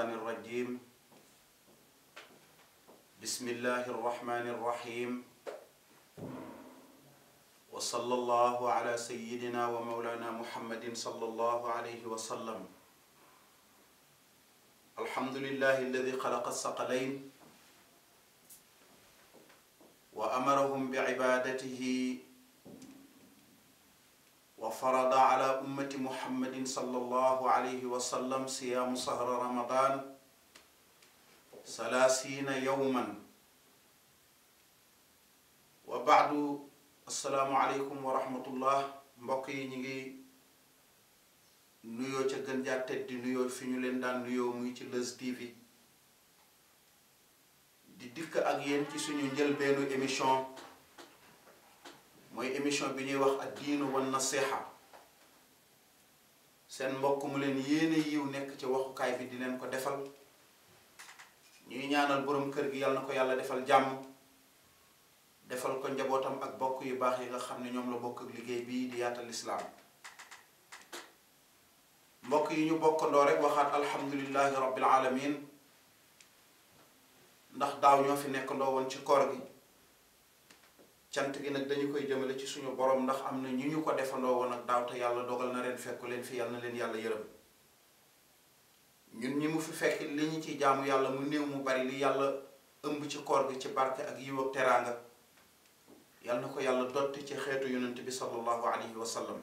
الشيطان الرجيم بسم الله الرحمن الرحيم وصلى الله على سيدنا ومولانا محمد صلى الله عليه وسلم الحمد لله الذي خلق الثقلين وأمرهم بعبادته wa farada ala ummati muhammadin sallallahu alayhi wa sallam siyaamu sahra ramadan yowman wa baadu assalaamu aleykum wa rahmatullah mbokk yi ñu ngi nuyoo ca gën jaa tedd nuyoo fi ñu leen daan nuyoo muy ci Leuz TV di dikk ak yéen ci suñu njëlbeenu émission mooy émission bi ñuy wax ak diinu wan nasiha seen mbokk mu leen yéene yiw nekk ci waxukaay bi di leen ko defal ñuy ñaanal boroom kër gi yàlla na ko yàlla defal jàmm defal ko njabootam ak bokk yu baax yi nga xam ne ñoom la bokk ak liggéey bii di yaatal islaam mbokk yi ñu bokkandoo rek waxaat alhamdulilahi rabbil alamin ndax daaw ñoo fi nekkandoo woon ci koor gi cant gi nag dañu koy jëmale ci suñu boroom ndax am na ñu ñu ko defandoo woon ak daaw te yàlla dogal na ren fekku leen fi yàlla yàlla yërëm ñun ñi mu fi fekk li ñu ci jaamu yàlla mu néew mu bari li yàlla ëmb ci koor gi ci barke ak yiw ak teraanga yàlla na ko yàlla dotti ci xeetu yonent bi sallallahu alayhi wa sallam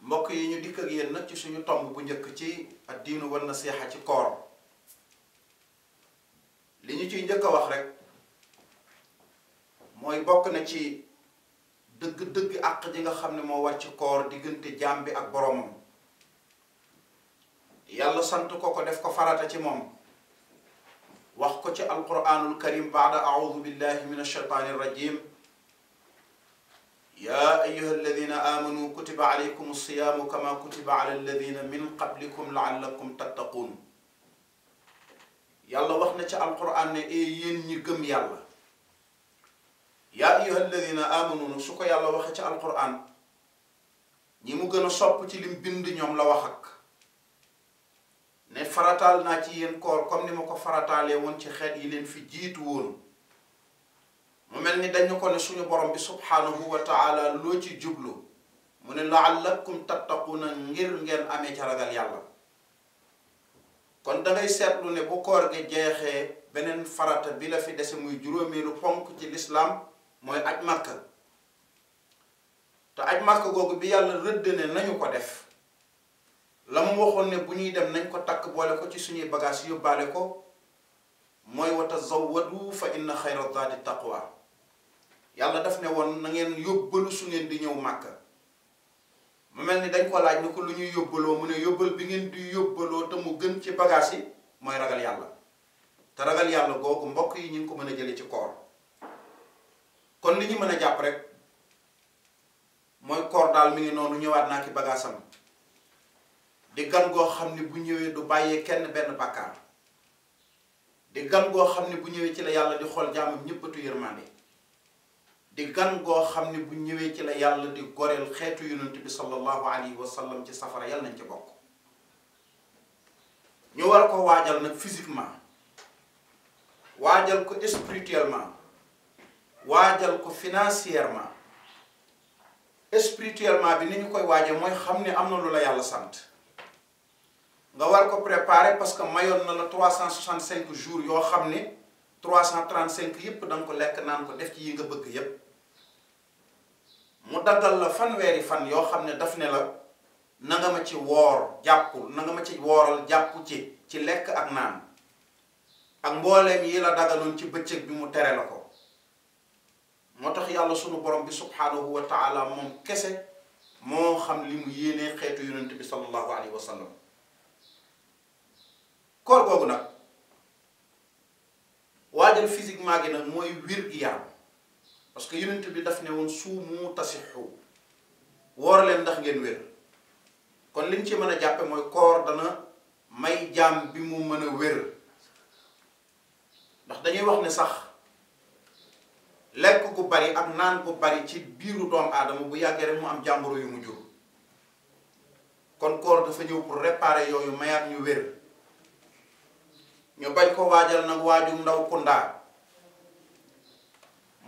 mbokk yi ñu dikk ak yéen ci suñu tomb bu njëkk ci ad diinu wan nasiha ci koor li ñu ciy njëkk a wax rek mooy bokk na ci dëgg-dëgg àq ji nga xam ne moo war ci koor diggante jaam bi ak boroom yàlla sant ko ko def ko farata ci moom wax ko ci alquranul karim baada audu billahi min alshaytaani irrajim yaa ayuha alladina amanu kutiba alaykum alsiyaamu kama kutiba ala alladina min qablikum laallakum tattaquun yàlla wax na ci alquran ne ee ñi gëm yàlla yaa ayyuha alladina amanu su ko yàlla waxee ci alquran ñi mu gën a sopp ci lim bind ñoom la waxak ak ne farataal naa ci yéen koor comme ni ma ko farataalee woon ci xeet yi leen fi jiitu woon mu mel ni dañu ko ne suñu borom bi subhaanahu wa taala loo ci jublu mu ne laallakum tattaquna ngir ngeen amee ca ragal yàlla kon da ngay seetlu ne bu koor gi jeexee beneen farata bi la fi dese muy juróomeelu ponk ci lislaam mooy aj màkka te aj màkka googu bi yàlla rëdd ne nañu ko def la mu waxoon ne bu ñuy dem nañ ko takk boole ko ci suñuy bagage yóbbaale ko mooy wa tazawwadu fa inna xayra zaadi taqwa yàlla daf ne woon na ngeen yóbbalu su ngeen di ñëw màkk mu mel ni dañ ko laaj ni ko lu ñuy yóbbaloo mu ne yóbbal bi ngeen di yóbbaloo te mu gën ci bagaas yi mooy ragal yàlla te ragal yàlla googu mbokk yi ñu ngi ko mën a jële ci koor kon li ñu mën a jàpp rek mooy koor daal mi ngi noonu ñëwaat naa ki bagaasam di gan goo xam ni bu ñëwee du bàyyee kenn benn bàkkaar di gan goo xam ni bu ñëwee ci la yàlla di xool jaamam ñëppatu yërmande di gan goo xam ni bu ñëwee ci la yàlla di goreel xeetu yonent bi sallallahu alayhi wa sallam ci safara yàlla nañ ci bokk ñu war ko waajal nag physiquement waajal ko spirituellement waajal ko financièrement spirituellement bi ni ñu koy waaje mooy xam ni am na lu la yàlla sant nga war ko préparer parce que mayoon na la trois cent soixante cinq jours yoo xam ni trois cent trente cinq yëpp danga ko lekk naan ko def ci yi nga bëgg yépp mu daggal la fanweeri fan yoo xam ne daf ne la na nga ma ci woor jàpp na nga ma ci wooral jàpp ci ci lekk ak naan ak mbooleem yi la dagaloon ci bëccëg bi mu tere la ko moo tax yàlla sunu borom bi subhaanahu wa taala moom kese moo xam li mu yéenee xeetu yonent bi sallallahu alayhi wa sallam koor googu nag waajal physiquement gi nag mooy wér gi yaram parce que yonent bi daf ne woon suumu tasixu woor leen ndax ngeen wér kon liñ ci mën a jàppe mooy koor dana may jaam bi mu mën a wér ndax dañuy wax ne sax lekk gu bari ak naan gu bari ci biiru doom aadama bu yàggee rek mu am jàmboro yu mu jur kon koor dafa ñëw pour réparer yooyu mayaat ñu wér ñu bañ ko waajal nag waajum ndaw kundaa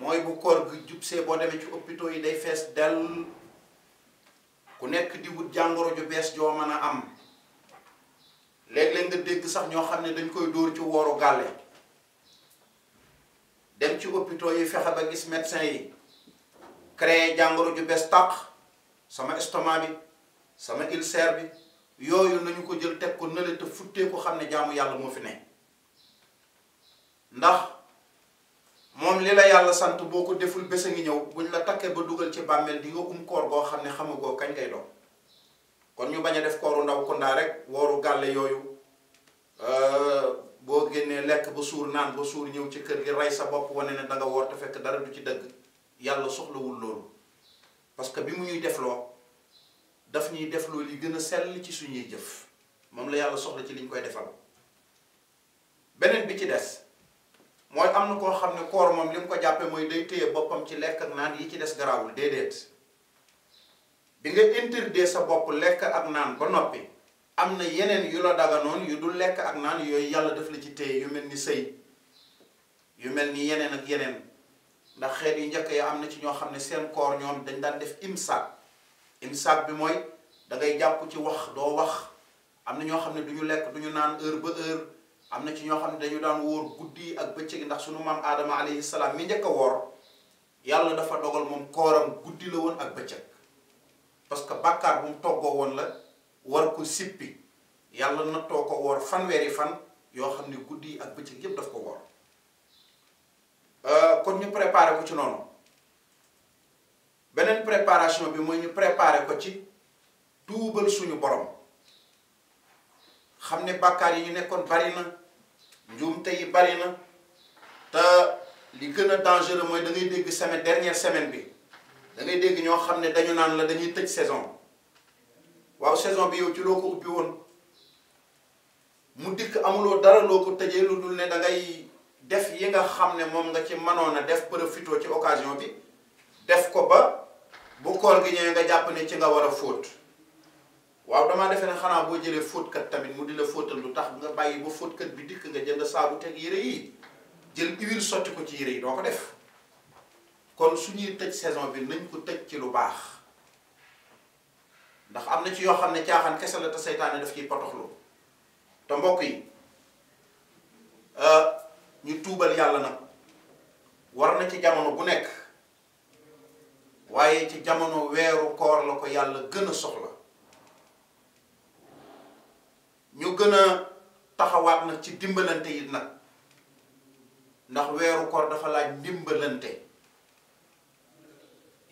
mooy bu koor gi jubsee boo demee ci hôpitaux yi day fees dell ku nekk di wut jàngoro ju bees joo mën a am léeg-léeg nga dégg sax ñoo xam ne dañ koy dóor ci wooru gàll dem ci hôpitaux yi fexe ba gis médecin yi créé jàngoro ju bees tàq sama estomac bi sama ulcère bi yooyu nañu ko jël teg ko nële futtee ko xam ne jàmm yàlla moo fi ne ndax moom li la yàlla sant boo ko deful bés a ngi ñëw buñ la takkee ba dugal ci bàmmeel di nga um koor goo xam ne xamagoo kañ ngay doon kon ñu bañ a def kooru ndaw kundaa rek wooru gàlle yooyu euh, boo génnee lekk ba suur naan ba suur ñëw ci kër gi rey sa bopp wane ne da nga fekk dara du ci dëgg yàlla soxlawul loolu parce que bi mu ñuy defloo daf ñuy defloo li gën a sell ci suñuy jëf moom la yàlla soxla ci liñ koy defal beneen bi ci des mooy am na koo xam ne koor moom li mu ko jàppee mooy day téye boppam ci lekk ak naan yi ci des garaawul déedéet bi nga interdee sa bopp lekk ak naan ba noppi am na yeneen yu la daganoon yu dul lekk ak naan yooyu yàlla def la ci téye yu mel ni sëy yu mel ni yeneen ak yeneen ndax xeet yu njëkk ya am na ci ñoo xam ne seen koor ñoom dañ daan def imsaak imsaak bi mooy dangay ngay ci wax doo wax am na ñoo xam ne du ñu lekk du ñu naan heure ba heure am na ci ñoo xam ne dañu daan wóor guddi ak bëccëg ndax suñu maam aadama alayhi salaam mi njëkk a woor yàlla dafa dogal moom kooram guddi la woon ak bëccëg parce que bàkkaar bu mu woon la war ko sippi yàlla nattoo ko woor fanweeri fan yoo xam ne guddi yi ak bëccëg yëpp daf ko woor euh, kon ñu préparé ko ci noonu beneen préparation bi mooy ñu préparé ko ci tuubal suñu borom xam ne bàkkaar yi ñu nekkoon bari na njuumte yi bari na te li gën a dangereux mooy da dégg semaine dernière semaine bi da dégg ñoo xam ne dañu naan la dañuy tëj saison. waaw saison bi yow ci loo ko ubbi woon mu dikk amuloo dara loo ko tëjee lu dul ne da ngay def yi nga xam ne moom nga ci mënoon a def profito ci occasion bi def ko ba bu koor gi ñëwee nga jàpp ne ci nga war a fóot waaw damaa defe ne xanaa boo jëlee fóotkat tamit mu di la fóotal lu tax nga bàyyi ba fóotkat bi dikk nga jënd saabu teg yëre yi jël huile sotti ko ci yére yi doo ko def kon suñuy tëj saison bi nañ ko tëj ci lu baax ndax am na ci yoo xam ne caaxaan kese la te seytaane daf ciy potoxlu te mbokk yi euh, ñu tuubal yàlla nag war na ci jamono bu nekk waaye ci jamono weeru koor la ko yàlla gën a soxla ñu gën a taxawaat nag ci dimbalante yi nag ndax weeru koor dafa laaj dimbalante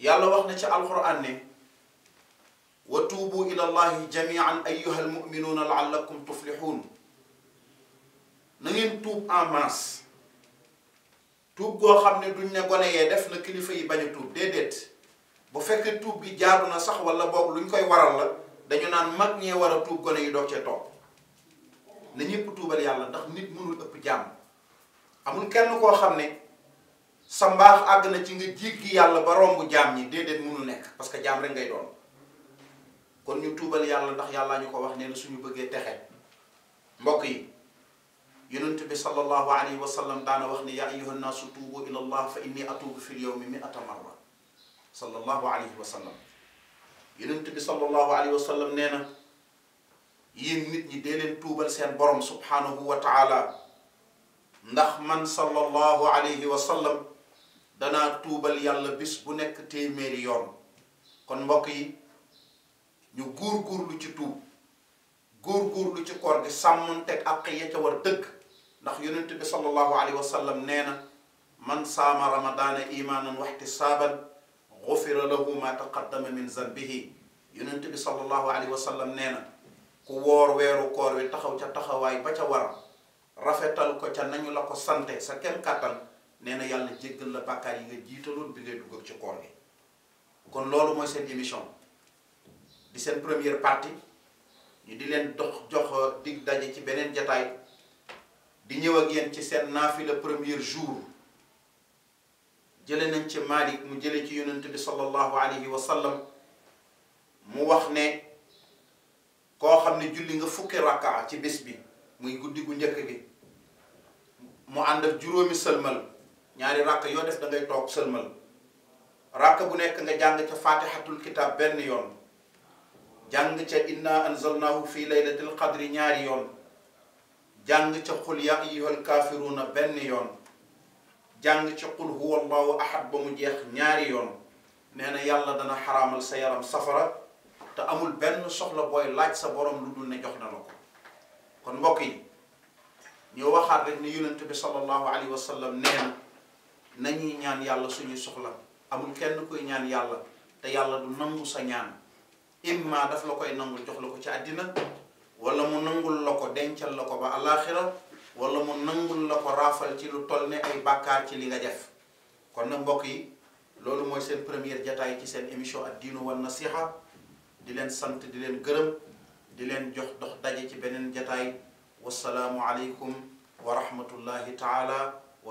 yàlla wax na ci alxuraan ne wa tuubu ila allahi jamian ayuha almuminuuna laallakum tuflixuun na ngeen tuub en masse tuub goo xam ne duñ ne gone yee def na kilifa yi bañ a tuub déedéet bu fekkee tuub gi jaaru na sax wala boog luñ koy waral la dañu naan mag ñee war a tuub gone yi doog cee topp na ñëpp tuubal yàlla ndax nit mënul ëpp jàmm amul kenn koo xam ne sa mbaax àgg na ci nga jéggi yàlla ba romb jaam ñi déedéet mënul nekk parce que jaam rek ngay doon kon ñu tuubal yàlla ndax yàllaa ñu ko wax nee na suñu bëggee texe mbokk yi yonent bi sallallahu alayhi wa sallam daana wax ne yaa ayyuha nnaasu tuubu ila allah fa inni atuubu fi l yowmi miata marra sallallahu alayhi wa sallam yonent na yéen nit ñi dee leen tuubal seen borom subhanahu wa ndax man sallallahu alayhi wa danaa tuubal yàlla bis bu nekk téeméeri yoon kon mbokk yi ñu góor lu ci tuub góor-góorlu ci koor gi sàmmanteeg ak ya ca war dëgg ndax yonent bi sallallahu alayhi wa sallam nee na man saama ramadaana imaanan wa ihtisaaban gufira lahu ma taqaddama min zanbihi yonent bi sallallahu alayhi wa sallam nee na ku woor weeru koor wi taxaw ca taxawaay ba ca war rafetal ko ca nañu la ko sante sa kenn kàttan nee na yàlla jéggal la bàkkaar yi nga jiitaloon bi ngay dugg ci koor gi kon loolu mooy seen émission seen première partie ñu di leen dox jox dig daje ci beneen jataay di ñëw ak yéen ci seen naafila premier jour jële nañ ci Malik mu jële ci yonent bi sallallahu alayhi wa sallam mu wax ne koo xam ne julli nga fukki rakka ci bés bi muy guddi gu njëkk gi mu ànd ak juróomi sëlmal ñaari rakk yoo def da toog sëlmal rakk bu nekk nga jàng ca faatihatul kitab benn yoon jàng ca inna anzalnahu fi laylatil qadri ñaari yoon jàng ca qul ya ayyuhal kaafiruuna benn yoon jàng ca qul huwa allahu ahad mu jeex ñaari yoon nee na yàlla dana xaraamal sa yaram safara te amul benn soxla booy laaj sa borom lu dul jox na la ko kon mbokk yi ñu waxaat rek ne yonent bi sallallahu alayhi ñaan yàlla suñuy soxla amul kenn kuy ñaan yàlla te yàlla du nangu sa ñaan imma daf la koy nangul jox la ko ci àddina wala mu nangul la ko dencal la ko ba alaxira wala mu nangul la ko raafal ci lu toll ne ay bàkkaar ci li nga def kon na mbokk yi loolu mooy seen première jataay ci seen émission ak diinu wan nasiha di leen sant di leen gërëm di leen jox dox daje ci beneen jataay wasalaamu aleykum wa rahmatullahi taala